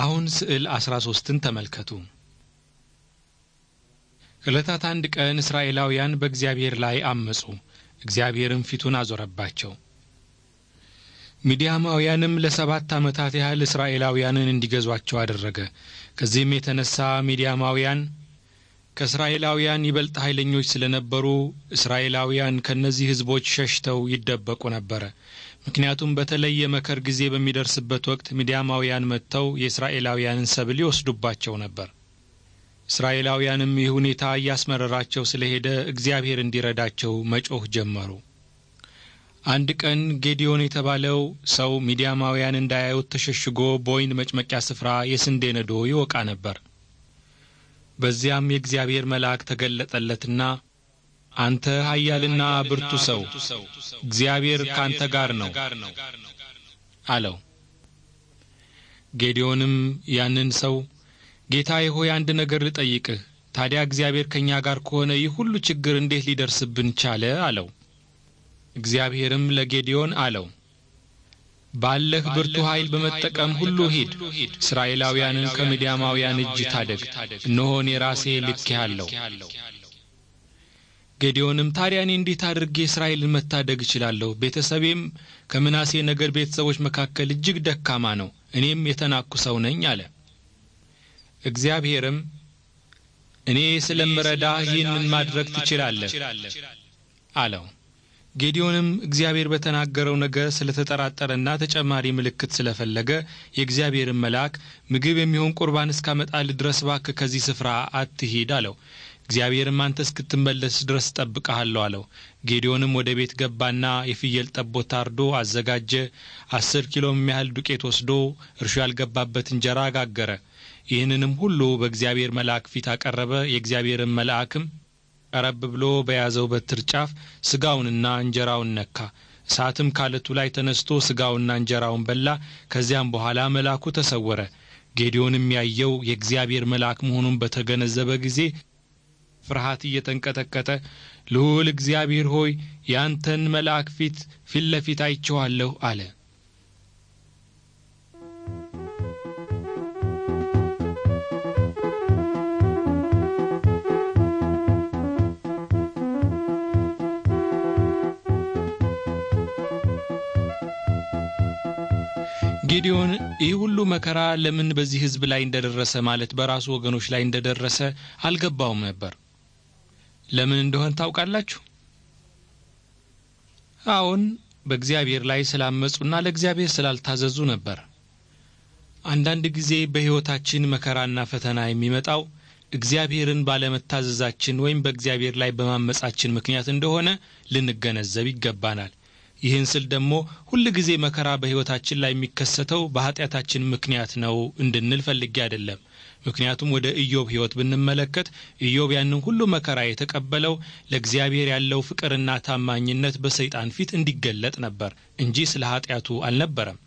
አሁን ስዕል አስራ ሶስትን ተመልከቱ። ከዕለታት አንድ ቀን እስራኤላውያን በእግዚአብሔር ላይ አመጹ። እግዚአብሔርም ፊቱን አዞረባቸው። ሚዲያማውያንም ለሰባት ዓመታት ያህል እስራኤላውያንን እንዲገዟቸው አደረገ። ከዚህም የተነሳ ሚዲያማውያን ከእስራኤላውያን ይበልጥ ኃይለኞች ስለነበሩ እስራኤላውያን ከእነዚህ ሕዝቦች ሸሽተው ይደበቁ ነበረ። ምክንያቱም በተለየ መከር ጊዜ በሚደርስበት ወቅት ሚዲያማውያን መጥተው የእስራኤላውያንን ሰብል ይወስዱባቸው ነበር። እስራኤላውያንም ይህ ሁኔታ እያስመረራቸው ስለሄደ እግዚአብሔር እንዲረዳቸው መጮህ ጀመሩ። አንድ ቀን ጌዲዮን የተባለው ሰው ሚዲያማውያን እንዳያዩት ተሸሽጎ በወይን መጭመቂያ ስፍራ የስንዴ ነዶ ይወቃ ነበር። በዚያም የእግዚአብሔር መልአክ ተገለጠለትና አንተ ኃያልና ብርቱ ሰው እግዚአብሔር ካንተ ጋር ነው አለው። ጌዲዮንም ያንን ሰው ጌታዬ ሆይ አንድ ነገር ልጠይቅህ፣ ታዲያ እግዚአብሔር ከእኛ ጋር ከሆነ ይህ ሁሉ ችግር እንዴት ሊደርስብን ቻለ? አለው። እግዚአብሔርም ለጌዲዮን አለው ባለህ ብርቱ ኃይል በመጠቀም ሁሉ ሂድ፣ እስራኤላውያንን ከምድያማውያን እጅ ታደግ። እነሆ እኔ ራሴ ልኬሃለሁ። ጌዲዮንም ታዲያ እኔ እንዴት አድርጌ እስራኤልን መታደግ እችላለሁ? ቤተሰቤም ከምናሴ ነገድ ቤተሰቦች መካከል እጅግ ደካማ ነው፣ እኔም የተናኩ ሰው ነኝ አለ። እግዚአብሔርም እኔ ስለምረዳህ ይህንን ማድረግ ትችላለህ አለው። ጌዲዮንም እግዚአብሔር በተናገረው ነገር ስለተጠራጠረና ተጨማሪ ምልክት ስለፈለገ የእግዚአብሔርን መልአክ ምግብ የሚሆን ቁርባን እስካመጣልህ ድረስ እባክህ ከዚህ ስፍራ አትሂድ አለው። እግዚአብሔርም አንተ እስክትመለስ ድረስ ጠብቀሃለሁ አለው። ጌዲዮንም ወደ ቤት ገባና የፍየል ጠቦት አርዶ አዘጋጀ። አስር ኪሎም የሚያህል ዱቄት ወስዶ እርሾ ያልገባበት እንጀራ አጋገረ ይህንንም ሁሉ በእግዚአብሔር መልአክ ፊት አቀረበ። የእግዚአብሔርን መልአክም ቀረብ ብሎ በያዘው በትር ጫፍ ስጋውንና እንጀራውን ነካ። እሳትም ካለቱ ላይ ተነስቶ ስጋውና እንጀራውን በላ። ከዚያም በኋላ መልአኩ ተሰወረ። ጌዲዮንም ያየው የእግዚአብሔር መልአክ መሆኑን በተገነዘበ ጊዜ ፍርሃት እየተንቀጠቀጠ ልዑል እግዚአብሔር ሆይ ያንተን መልአክ ፊት ፊት ለፊት አይቼዋለሁ አለ። ጌዲዮን ይህ ሁሉ መከራ ለምን በዚህ ሕዝብ ላይ እንደደረሰ ማለት በራሱ ወገኖች ላይ እንደደረሰ አልገባውም ነበር። ለምን እንደሆን ታውቃላችሁ? አዎን፣ በእግዚአብሔር ላይ ስላመጹና ለእግዚአብሔር ስላልታዘዙ ነበር። አንዳንድ ጊዜ በሕይወታችን መከራና ፈተና የሚመጣው እግዚአብሔርን ባለመታዘዛችን ወይም በእግዚአብሔር ላይ በማመጻችን ምክንያት እንደሆነ ልንገነዘብ ይገባናል። ይህን ስል ደግሞ ሁል ጊዜ መከራ በሕይወታችን ላይ የሚከሰተው በኃጢአታችን ምክንያት ነው እንድንል ፈልጌ አይደለም። ምክንያቱም ወደ ኢዮብ ሕይወት ብንመለከት ኢዮብ ያንን ሁሉ መከራ የተቀበለው ለእግዚአብሔር ያለው ፍቅርና ታማኝነት በሰይጣን ፊት እንዲገለጥ ነበር እንጂ ስለ ኃጢአቱ አልነበረም።